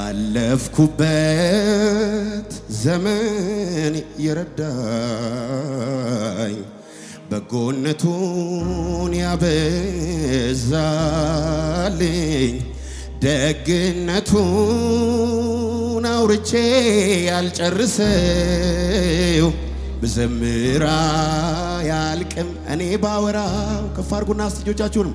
ባለፍኩበት ዘመን የረዳኝ በጎነቱን ያበዛልኝ ደግነቱን አውርቼ ያልጨርሰው ብዘምራ ያልቅም እኔ ባወራ ከፍ አድርጉና አስጆቻችሁንም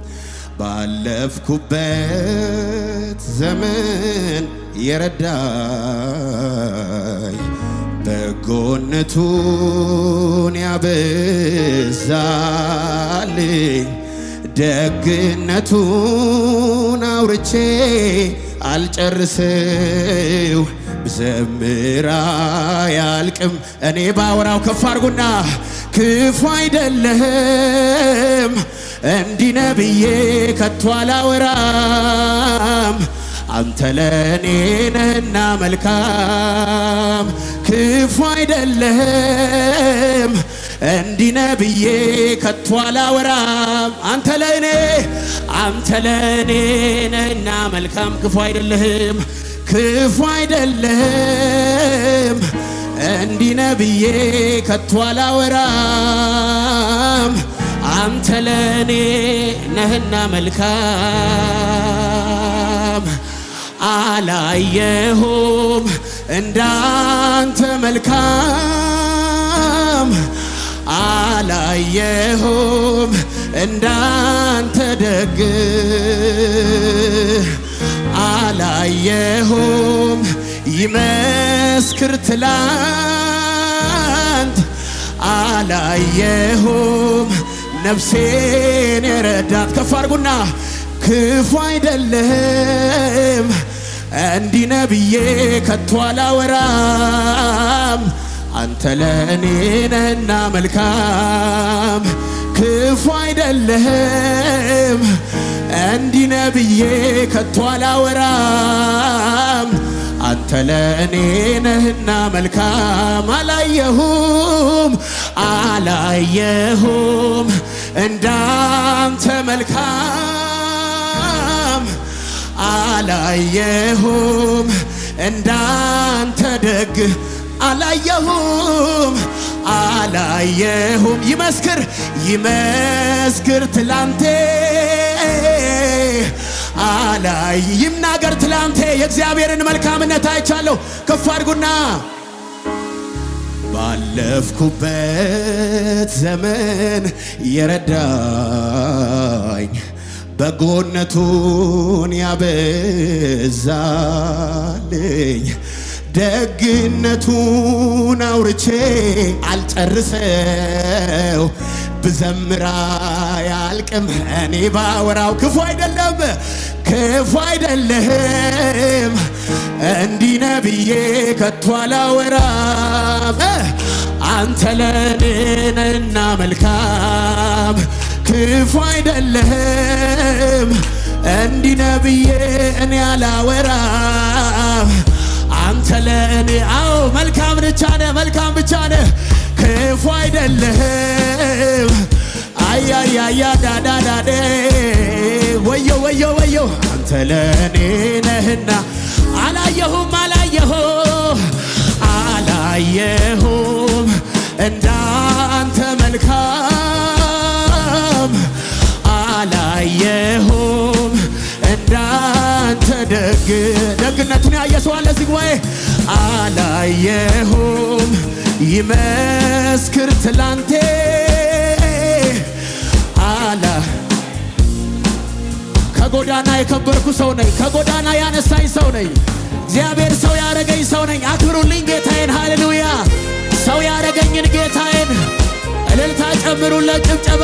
ባለፍኩበት ዘመን የረዳይ! በጎነቱን ያበዛልኝ ደግነቱን አውርቼ አልጨርሰው ብዘምራ ያልቅም እኔ ባወራው ከፍ አድርጉና ክፉ አይደለም! እንዲህ ነብዬ ከቶ አላወራም አንተ ለእኔ መልካም ክፉ አይደለህም እንዲህ ነህ ብዬ ከቶ አላወራም። አንተ ለእኔ አንተ ለእኔ ነህና መልካም ክፉ አይደለህም ክፉ አይደለህም እንዲህ ነህ ብዬ ከቶ አላወራም። አንተ ለእኔ ነህና መልካም አላየሁም እንዳንተ መልካም አላየሁም እንዳንተ ደግ አላየሁም ይመስክር ትላንት አላየሁም ነፍሴን የረዳት ከፍ አድርጉና ክፉ አይደለም እንዲህ ነብዬ ከቶ አላወራም። አንተ ለእኔ ነህና መልካም ክፉ አይደለህም። እንዲህ ነብዬ ከቶ አላወራም። አንተ ለእኔ ነህና መልካም አላየሁም አላየሁም እንዳ አላየሁም እንዳንተ ደግ አላየሁም አላየሁም ይመስክር ይመስክር ትላንቴ አላይ ይናገር ትላንቴ የእግዚአብሔርን መልካምነት አይቻለሁ። ከፍ አድርጉና ባለፍኩበት ዘመን የረዳኝ በጎነቱን ያበዛልኝ ደግነቱን አውርቼ አልጨርሰው ብዘምራ ያልቅም እኔ ባወራው ክፉ አይደለም ክፉ አይደለህም እንዲህ ነብዬ ከቶ አላወራም አንተ ለኔ ነህና መልካም ክፉ አይደለህም እንዲህ ነብዬ እኔ አላወራም አንተ ለእኔ አዎ መልካም ብቻ ነህ መልካም ብቻ ነህ ክፉ አይደለህም አያያያ ዳዳዳዴ ወዮ ወዮ ወዮ አንተ ለእኔ ነህና አላየሁም አላየሁም አላየሁም እንዳንተ መልካም አልሰማም አላየሁም እንዳንተ ደግ ደግነቱን ያየ ሰው አለ እዚህ ጉባኤ አላየሁም ይመስክር ትላንቴ አላ ከጎዳና የከበርኩ ሰው ነኝ። ከጎዳና ያነሳኝ ሰው ነኝ። እግዚአብሔር ሰው ያረገኝ ሰው ነኝ። አክብሩልኝ ጌታዬን። ሃሌሉያ ሰው ያረገኝን ጌታዬን እልልታ ጨምሩለት ጭብጨባ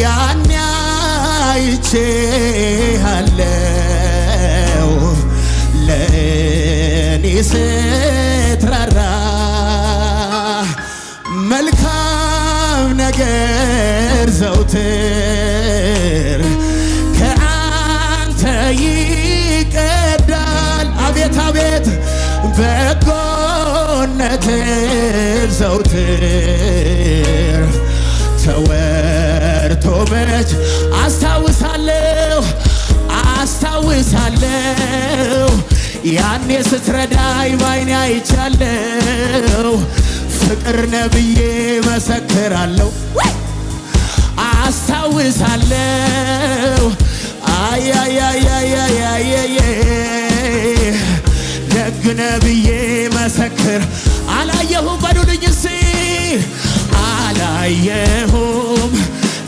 ያን አይቼሃለው ለእኔ ስትራራ መልካም ነገር ዘውትር ከአንተ ይቀዳል። አቤት አቤት በጎነትህ ዘውትር ተወ በእጅ አስታውሳለሁ አስታውሳለሁ ያኔ ስትረዳይ ባይኔ አይቻለሁ ፍቅር ነብዬ መሰክራለሁ አስታውሳለሁ አያያያያያየ ደግ ነብዬ መሰክር አላየሁም በሉልኝ እስኪ አላየሁም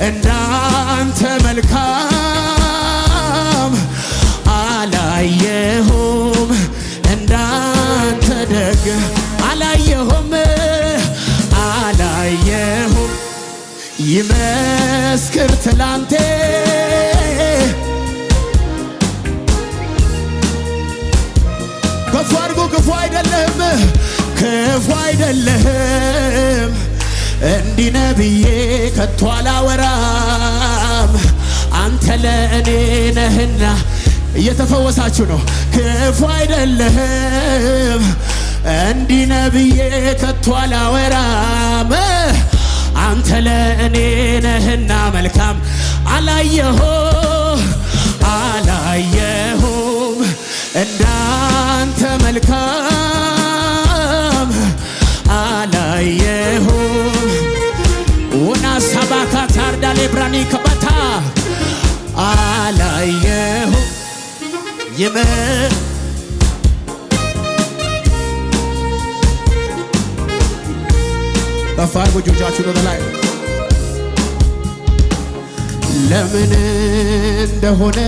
እንዳንተ መልካም አላየሁም፣ እንዳንተ ደግ አላየሁም፣ አላየሁም። ይመስክር ትላንቴ ክፉ አድርጎ ክፉ አይደለህም፣ ክፉ አይደለህም እንዲህ ነብዬ ከቶ አላወራም አንተ ለእኔ ነህና እየተፈወሳችሁ ነው። ክፉ አይደለህም። እንዲህ ነብዬ ከቶ አላወራም አንተ ለእኔ ነህና መልካም አላየሆ አላየሁም እንዳንተ መልካም አላየሁ ከባታ አላየሁ ይመ ከፍ አድርጉ እጆቻችሁን ወደ ላይ ለምን እንደሆነ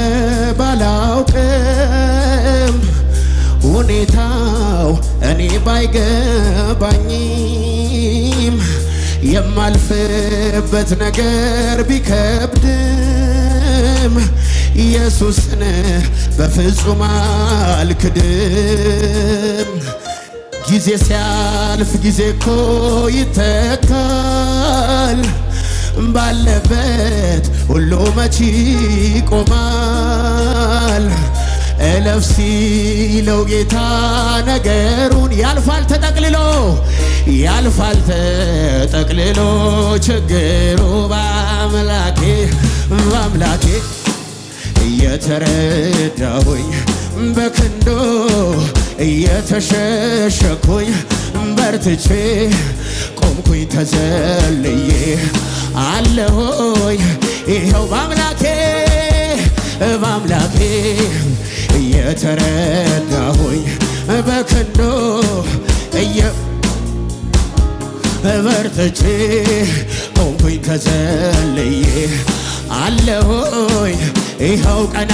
ባላውቅም ሁኔታው እኔ ባይገባኝም የማልፍበት ነገር ቢከብድም ኢየሱስን በፍጹም አልክድም። ጊዜ ሲያልፍ ጊዜ እኮ ይተካል። ባለበት ሁሉ መቼ ይቆማል? እለፍ ሲለው ጌታ ነገሩን ያልፋል ተጠቅልሎ ያልፋል ተጠቅልሎ ችግሩ በአምላኬ በአምላኬ እየተረዳሁኝ በክንዶ እየተሸሸኩኝ በርትቼ ቆምኩኝ ተዘልዬ አለሆይ ይኸው በአምላኬ በአምላኬ እየተረዳሁኝ በክንዶ በበርትቼ ሆንኩኝ ተዘልዬ አለሆኝ ይኸው ቀና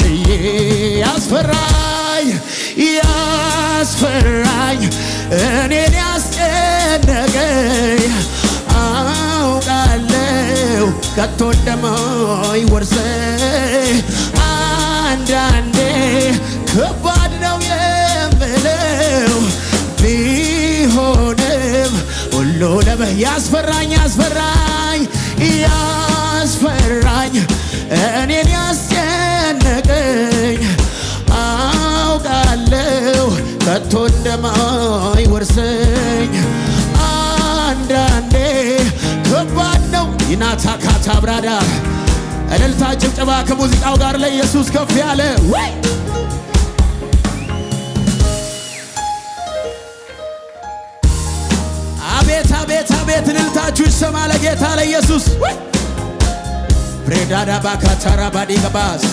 ብዬ ያስፈራኝ ያስፈራኝ እኔን ያስጨነቀኝ አውቃለሁ ከቶ ደሞ ይወርሰ ያስፈራኝ ያስፈራኝ ያስፈራኝ እኔን ያስጨነቀኝ አውቃለሁ ከቶ እንደማይወርሰኝ አንዳንዴ ከባድ ነው። ይናታ ካታ ብራዳ እልልታ ጭብጨባ ከሙዚቃው ጋር ለኢየሱስ ከፍ ያለ ቤት እልልታችሁ ይሰማ ለጌታ ለኢየሱስ ፍሬዳዳ ባካታራ ባዲ ገባስ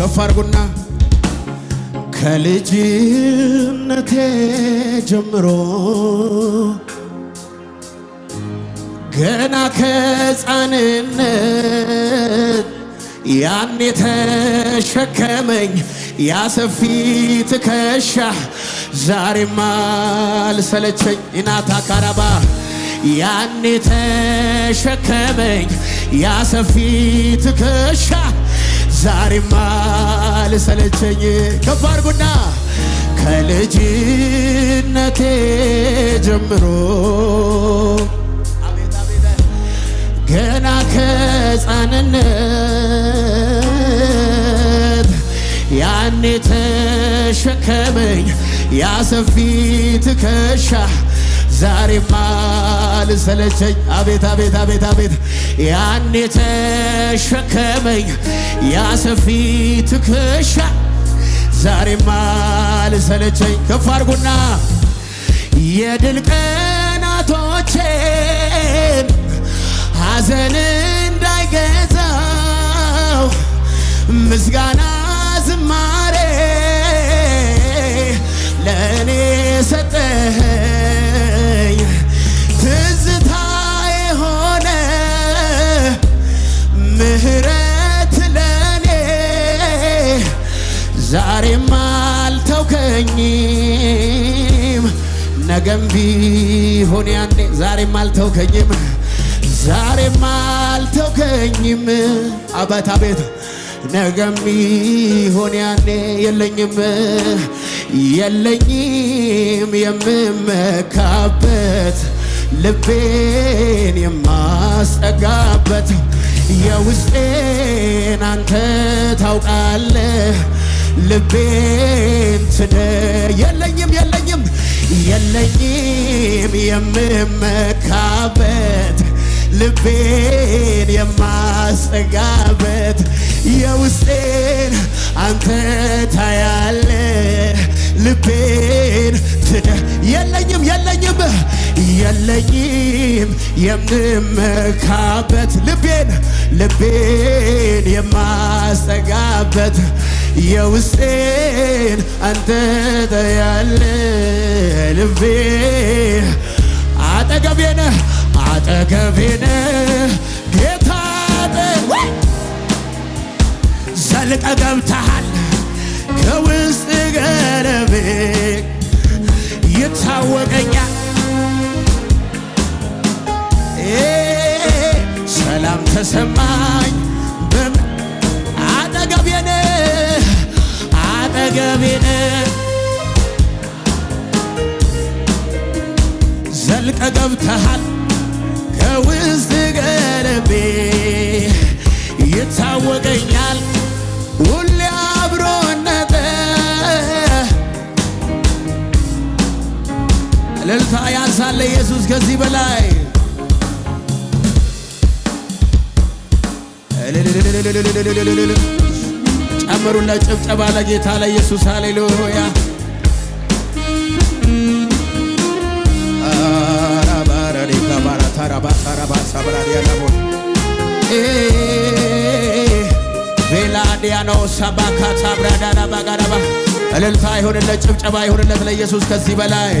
ከፍ አድርጉና ከልጅነቴ ጀምሮ ገና ከሕፃንነት ያን የተሸከመኝ ያ ሰፊ ትከሻ ዛሬም አልሰለቸኝ። ኢናታ ካራባ ያን የተሸከመኝ ያ ሰፊ ትከሻ ዛሬም አልሰለቸኝ። ከፍ አድርጉና ከልጅነቴ ጀምሮ ገና ያኔ ተሸከመኝ ያሰፊ ትከሻ ዛሬማ አልሰለቸኝ። አቤት አቤት አቤት አቤት ያኔ ተሸከመኝ ያሰፊ ትከሻ ዛሬማ አልሰለቸኝ። ከፍ አድርጉና የድል ቀናቶቼን ሐዘን እንዳይገዛው ምስጋና ዝማ የሰጠኝ ትዝታ የሆነ ምህረት ለኔ ዛሬም አልተውከኝም፣ ነገም ቢሆን ያኔ ዛሬም አልተውከኝም፣ ዛሬም አልተውከኝም አባታ ቤት ነገም ቢሆን ያኔ የለኝም የለኝም የምመካበት ልቤን የማስጠጋበት የውስጤን አንተ ታውቃለ ልቤን ትደ የለኝም የለኝም የለኝም የምመካበት ልቤን የማስጠጋበት የውስጤን አንተ ታያ ልቤን ትደ የለኝም የለኝም የለኝም የምንመካበት ልቤን ልቤን የማሰጋበት የውስጤን አንተ ያለ ልቤ አጠገቤነ አጠገቤነ ጌታ ዘልቀ ገለቤ ይታወቀኛል ሰላም ተሰማኝ አጠገቤን አጠገቤን ዘልቀ ገብተሃል ከውስጥ ገለቤ ይታወቀኛል ሳለ ኢየሱስ ከዚህ በላይ ጨምሩና ጭብጨባ ለጌታ ለኢየሱስ ሃሌሉያ ቬላዲያኖ ሰባካ ሳብራዳና ባጋዳባ እልልታ ይሁንለት፣ ጭብጨባ ይሁንለት ለኢየሱስ ከዚህ በላይ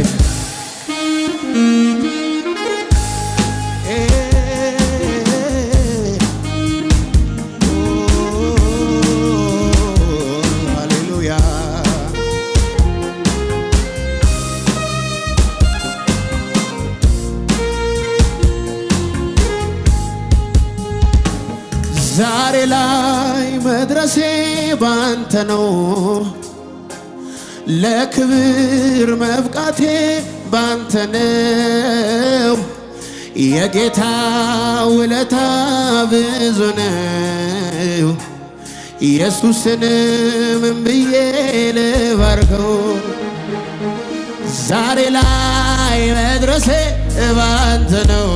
ዛሬ ላይ መድረሴ ባንተ ነው፣ ለክብር መብቃቴ ባንተ ነው የጌታ ውለታ ብዙ ነው። ኢየሱስን ምን ብዬ ልባርከው? ዛሬ ላይ መድረሴ ባንተ ነው።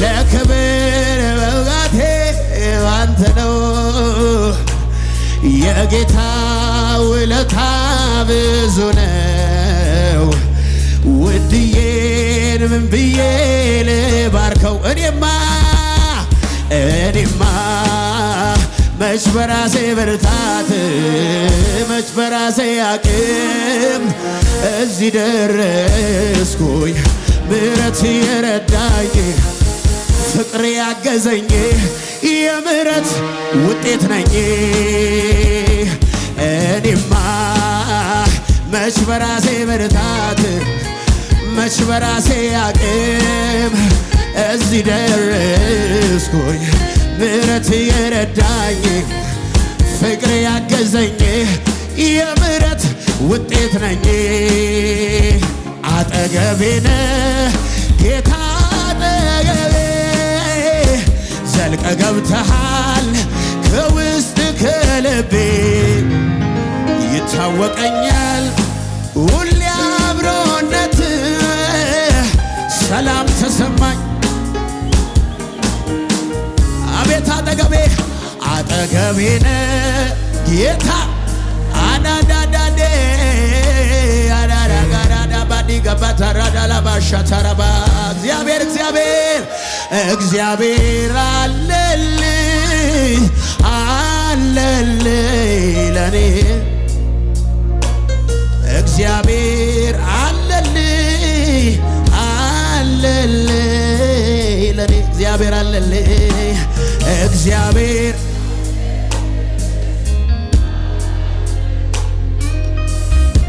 ለክብር መብቃቴ ባንተ ነው። የጌታ ውለታ ብዙ ነው። ድዬን ምን ብዬ ልባርከው? እኔማ እኔማ መች በራሴ ብርታት መች በራሴ አቅም እዚህ ደረስኩኝ ምረት የረዳኝ ፍቅር ያገዘኝ የምረት ውጤት ነኝ እኔማ መች በራሴ ብርታት መች በራሴ አቅም እዚህ ደረስኩኝ። ምረት የረዳኝ ፍቅር ያገዘኝ የምረት ውጤት ነኝ። አጠገቤነ ጌታ አጠገቤ ዘልቀ ገብተሃል ከውስጥ ከልቤ ይታወቀኛል ሁሌ ሰላም ተሰማኝ። አቤት አጠገቤ አጠገቤነ ጌታ አዳዳዳዴ አዳዳጋዳባዲገባታራዳላባሻታራባ እግዚአብሔር እግዚአብሔር እግዚአብሔር አለልኝ አለልኝ ለኔ እግዚአብሔር አለልኝ እግዚአብሔር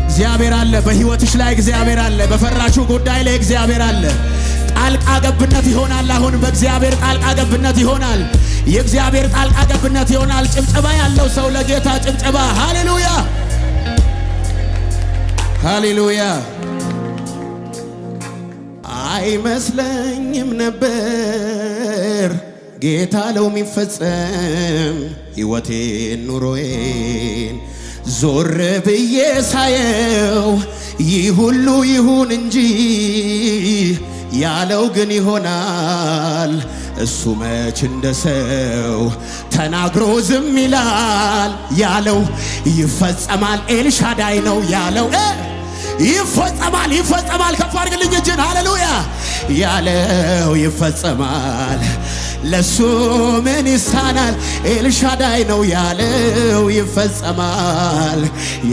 እግዚአብሔር አለ። በህይወትሽ ላይ እግዚአብሔር አለ። በፈራሹ ጉዳይ ላይ እግዚአብሔር አለ። ጣልቃ ገብነት ይሆናል። አሁን በእግዚአብሔር ጣልቃ ገብነት ይሆናል። የእግዚአብሔር ጣልቃ ገብነት ይሆናል። ጭብጨባ ያለው ሰው ለጌታ ጭብጨባ። ሃሌሉያ ሃሌሉያ። አይመስለኝም ነበር ጌታ ለው የሚፈጸም ሕይወቴን ኑሮዬን ዞር ብዬ ሳየው ይህ ሁሉ ይሁን እንጂ ያለው ግን ይሆናል። እሱ መች እንደ ሰው ተናግሮ ዝም ይላል። ያለው ይፈጸማል። ኤልሻዳይ ነው ያለው ይፈጸማል። ይፈጸማል። ከፍ አድርግልኝ እጅን። ሃሌሉያ ያለው ይፈጸማል ለሱ ምን ይሳናል? ኤልሻዳይ ነው ያለው ይፈጸማል፣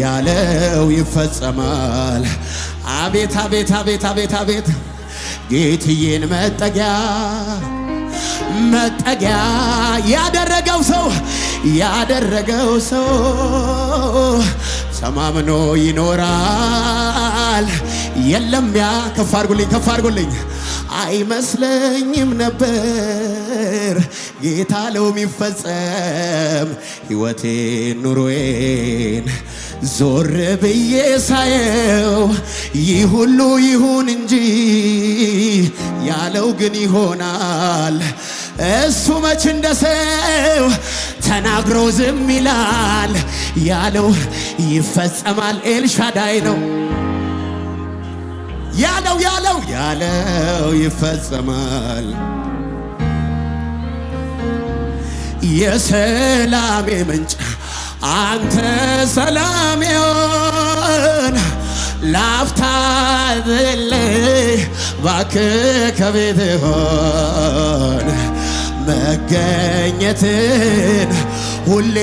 ያለው ይፈጸማል። አቤት አቤት አቤት አቤት አቤት ጌትዬን መጠጊያ መጠጊያ ያደረገው ሰው ያደረገው ሰው ሰማምኖ ይኖራል። የለም ያ ከፍ አርጉልኝ ከፍ አርጉልኝ። አይመስለኝም ነበር ጌታ ለው የሚፈጸም ሕይወቴን ኑሮዬን ዞር ብዬ ሳየው ይህ ሁሉ ይሁን እንጂ ያለው ግን ይሆናል። እሱ መች እንደ ሰው ተናግሮ ዝም ይላል። ያለው ይፈጸማል። ኤልሻዳይ ነው። ያለው ያለው ያለው ይፈጸማል። የሰላሜ ምንጭ አንተ ሰላሜውን ላፍታ ባክ ከቤት ሆን መገኘትን ሁሌ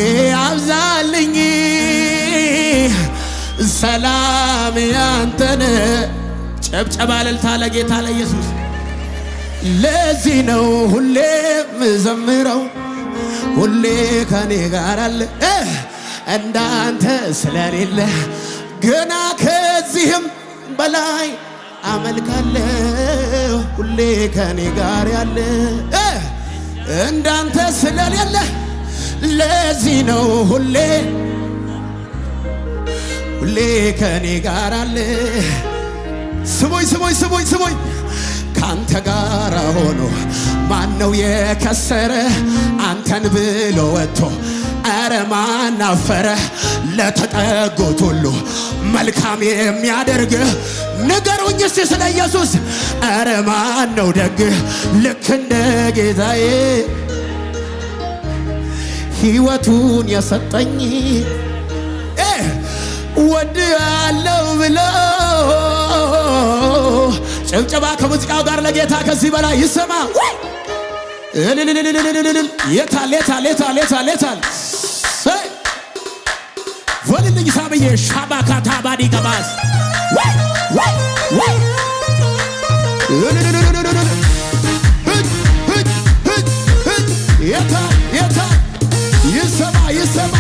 አብዛልኝ ሰላም ያንተነ ጨብጨባ እልልታ ለጌታ ለኢየሱስ። ለዚህ ነው ሁሌ ምዘምረው ሁሌ ከኔ ጋር አለ እንዳንተ ስለሌለ ገና ከዚህም በላይ አመልካለሁ ሁሌ ከኔ ጋር ያለ እንዳንተ ስለሌለ ለዚህ ነው ሁሌ ሁሌ ከኔ ጋር አለ ስሞኝ ስሞኝ ስሞኝ ስሞኝ ከአንተ ጋር ሆኖ ነው የከሰረ? አንተን ብሎ ወጥቶ ኧረ ማናፈረ? ለተጠጉት ሁሉ መልካም የሚያደርግ ንገሩኝ እስቲ ስለ ኢየሱስ። ኧረ ማነው ደግ ልክ እንደ ጌታዬ ሕይወቱን የሰጠኝ ወድ አለው ብለው ጭብጨባ ከሙዚቃው ጋር ለጌታ ከዚህ በላይ ይሰማ። የታል የታል የታል የታል የታል ወልልኝ ሳብዬ ሻባካታ ባዲ ገባስ የታል የታል ይሰማ ይሰማ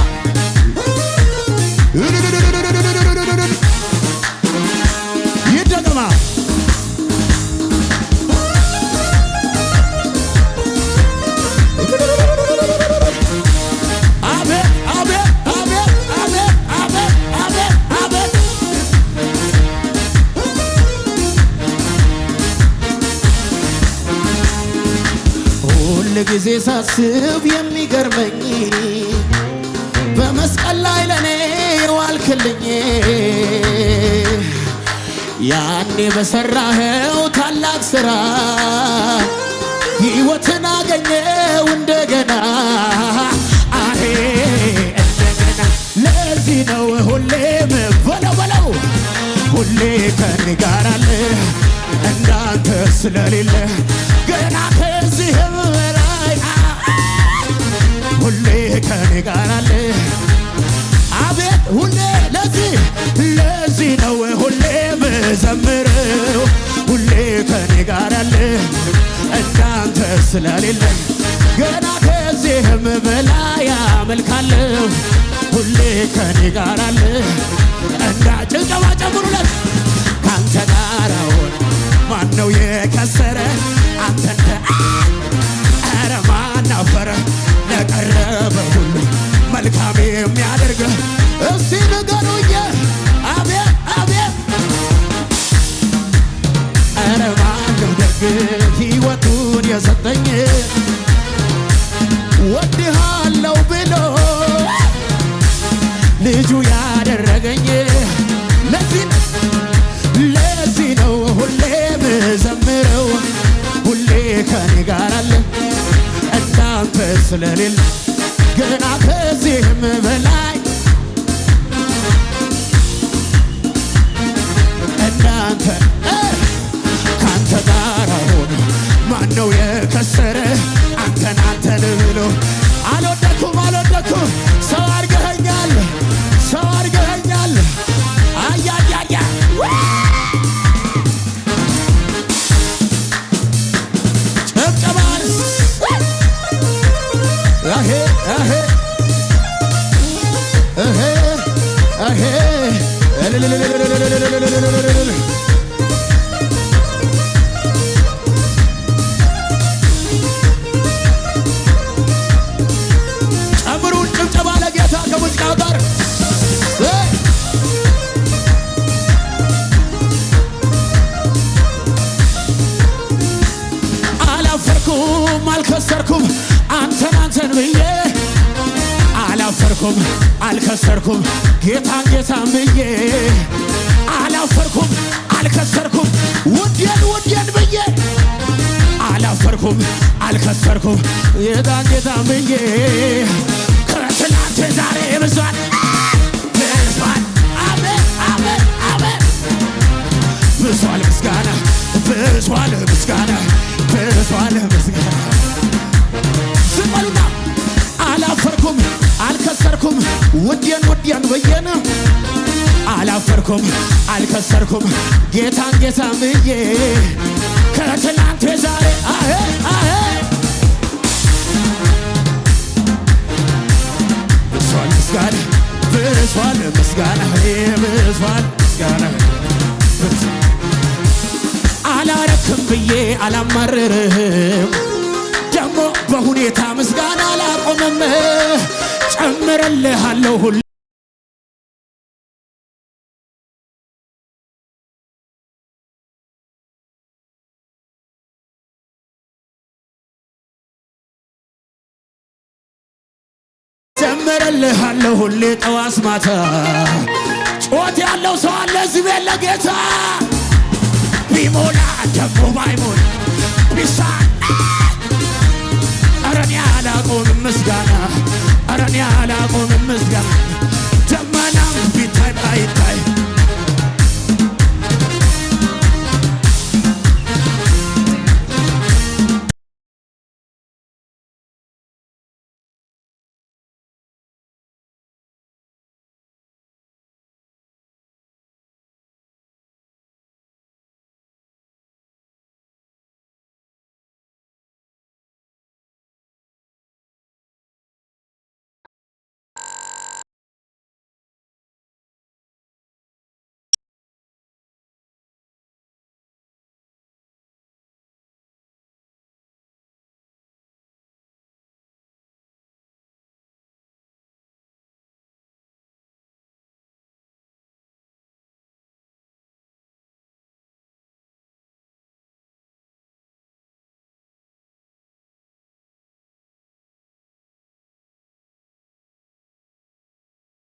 ሳስብ የሚገርመኝ በመስቀል ላይ ለኔ ዋልክልኝ ያኔ በሰራኸው ታላቅ ስራ ሕይወትን አገኘው እንደገና አሄ እንደገና ለዚህ ነው ሁሌም በለው በለው ሁሌ ከኔ ጋር አለ እንዳንተ ስለሌለ ስለሌለኝ ገና ከዚህም በላይ አመልካለሁ ሁሌ ከኔ ጋር አለ እና ጭብጨባ ጨምሩለት ካንተ ጋር አሁን ማነው የከሰረ ስለሌል ገና ከዚህም በ አልከሰርኩም አልከሰርኩም ጌታን ጌታን ብዬ ከትላንት ዛሬ ብሷል ብሷል አሜን አሜን አሜን ምስጋና ብሷል ምስጋና ብሷል ምስጋና ዝም አላፈርኩም አልከሰርኩም ውዴን ውዴን ብዬን አላፈርኩም፣ አልከሰርኩም ጌታን ጌታ ምዬ ከትናንት ዛሬ ምስጋና ብሷል ምስጋና ብሷል ምስጋና አላረክም ብዬ አላማርርህም ደግሞ በሁኔታ ምስጋና አላቆምም ጨምርልሃለሁ እዘምርልሃለሁ ሁሌ ጠዋት ማታ። ጮት ያለው ሰው አለ እዚህ ቤት ለጌታ ቢሞላ ደግሞ ባይሞላ ቢሳን አረ እኔ አላቆምም ምስጋና እኔ አላቆምም ምስጋና